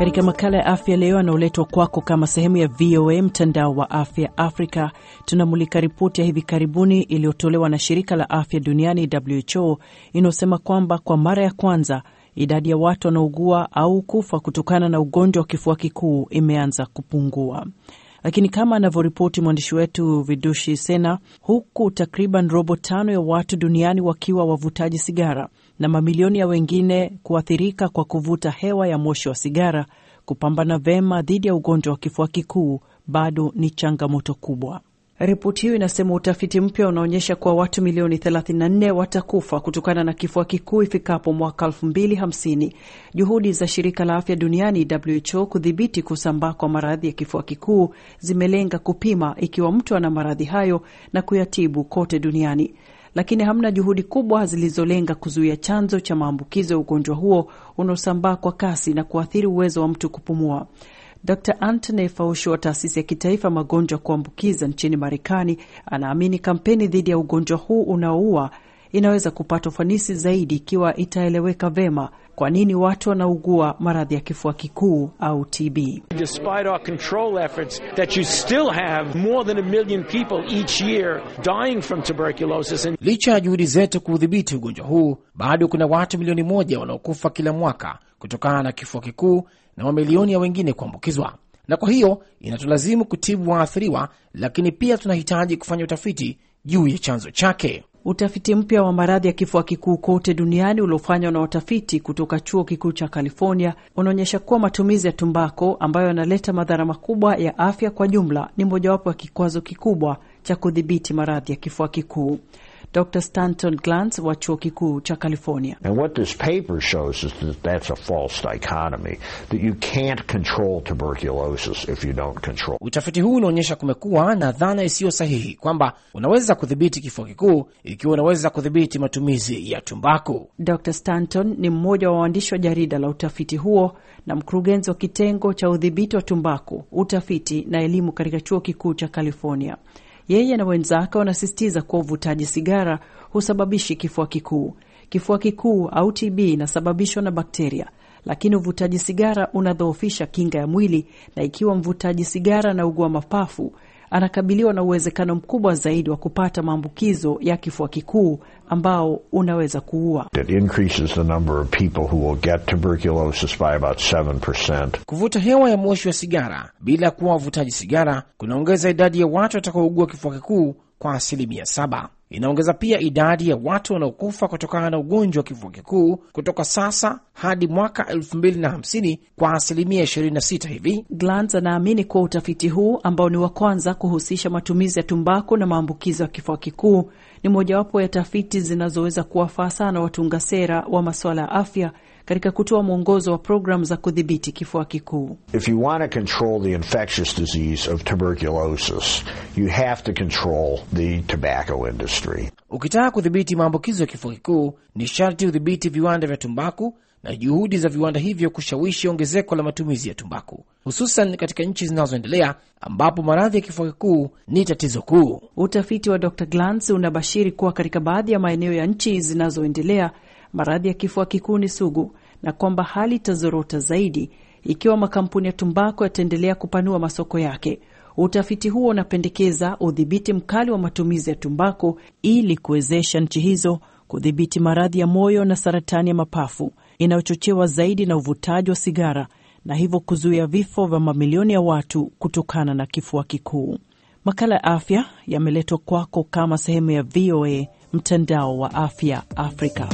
Katika makala ya afya leo anaoletwa kwako kama sehemu ya VOA mtandao wa afya Afrika, tunamulika ripoti ya hivi karibuni iliyotolewa na shirika la afya duniani WHO inayosema kwamba kwa mara ya kwanza idadi ya watu wanaougua au kufa kutokana na ugonjwa wa kifua kikuu imeanza kupungua. Lakini kama anavyoripoti mwandishi wetu Vidushi Sena, huku takriban robo tano ya watu duniani wakiwa wavutaji sigara, na mamilioni ya wengine kuathirika kwa kuvuta hewa ya moshi wa sigara, kupambana vema dhidi ya ugonjwa wa kifua kikuu bado ni changamoto kubwa. Ripoti hiyo inasema utafiti mpya unaonyesha kuwa watu milioni 34 watakufa kutokana na kifua kikuu ifikapo mwaka 2050. Juhudi za shirika la afya duniani WHO kudhibiti kusambaa kwa maradhi ya kifua kikuu zimelenga kupima ikiwa mtu ana maradhi hayo na kuyatibu kote duniani lakini hamna juhudi kubwa zilizolenga kuzuia chanzo cha maambukizo ya ugonjwa huo unaosambaa kwa kasi na kuathiri uwezo wa mtu kupumua. Dr Antony Fauci wa taasisi ya kitaifa magonjwa kuambukiza nchini Marekani anaamini kampeni dhidi ya ugonjwa huu unaoua inaweza kupata ufanisi zaidi ikiwa itaeleweka vema kwa nini watu wanaugua maradhi ya kifua kikuu au TB. Despite our control efforts that you still have more than a million people each year dying from tuberculosis and... Licha ya juhudi zetu kuudhibiti ugonjwa huu, bado kuna watu milioni moja wanaokufa kila mwaka kutokana na kifua kikuu na mamilioni ya wengine kuambukizwa, na kwa hiyo inatulazimu kutibu waathiriwa, lakini pia tunahitaji kufanya utafiti juu ya chanzo chake. Utafiti mpya wa maradhi ya kifua kikuu kote duniani uliofanywa na watafiti kutoka chuo kikuu cha California unaonyesha kuwa matumizi ya tumbako ambayo yanaleta madhara makubwa ya afya kwa jumla ni mojawapo ya kikwazo kikubwa cha kudhibiti maradhi ya kifua kikuu. Dr. Stanton Glantz wa chuo kikuu cha California. And what this paper shows is that that's a false dichotomy, that you can't control tuberculosis if you don't control. Utafiti huu unaonyesha kumekuwa na dhana isiyo sahihi kwamba unaweza kudhibiti kifua kikuu ikiwa unaweza kudhibiti matumizi ya tumbaku. Dr. Stanton ni mmoja wa waandishi wa jarida la utafiti huo na mkurugenzi wa kitengo cha udhibiti wa tumbaku, utafiti na elimu katika chuo kikuu cha California. Yeye na wenzake wanasisitiza kuwa uvutaji sigara husababishi kifua kikuu. Kifua kikuu au TB inasababishwa na bakteria, lakini uvutaji sigara unadhoofisha kinga ya mwili, na ikiwa mvutaji sigara anaugua mapafu, anakabiliwa na uwezekano mkubwa zaidi wa kupata maambukizo ya kifua kikuu ambao unaweza kuua. Kuvuta hewa ya moshi wa sigara bila kuwa wavutaji sigara kunaongeza idadi ya watu watakaougua kifua kikuu kwa asilimia saba inaongeza pia idadi ya watu wanaokufa kutokana na ugonjwa wa kifua kikuu kutoka sasa hadi mwaka 2050 kwa asilimia 26 hivi. Glans anaamini kuwa utafiti huu ambao ni wa kwanza kuhusisha matumizi ya tumbaku na maambukizi ya kifua kikuu ni mojawapo ya tafiti zinazoweza kuwafaa sana watunga sera wa masuala ya afya katika kutoa mwongozo wa programu za kudhibiti kifua kikuu. If you want to control the infectious disease of tuberculosis, you have to control the tobacco industry. Ukitaka kudhibiti maambukizo ya kifua kikuu ni sharti udhibiti viwanda vya tumbaku na juhudi za viwanda hivyo kushawishi ongezeko la matumizi ya tumbaku hususan katika nchi zinazoendelea ambapo maradhi ya kifua kikuu ni tatizo kuu. Utafiti wa Dr Glantz unabashiri kuwa katika baadhi ya maeneo ya nchi zinazoendelea maradhi ya kifua kikuu ni sugu na kwamba hali itazorota zaidi ikiwa makampuni ya tumbako yataendelea kupanua masoko yake. Utafiti huo unapendekeza udhibiti mkali wa matumizi ya tumbako ili kuwezesha nchi hizo kudhibiti maradhi ya moyo na saratani ya mapafu inayochochewa zaidi na uvutaji wa sigara na hivyo kuzuia vifo vya mamilioni ya watu kutokana na kifua kikuu. Makala ya afya yameletwa kwako kama sehemu ya VOA mtandao wa afya Afrika.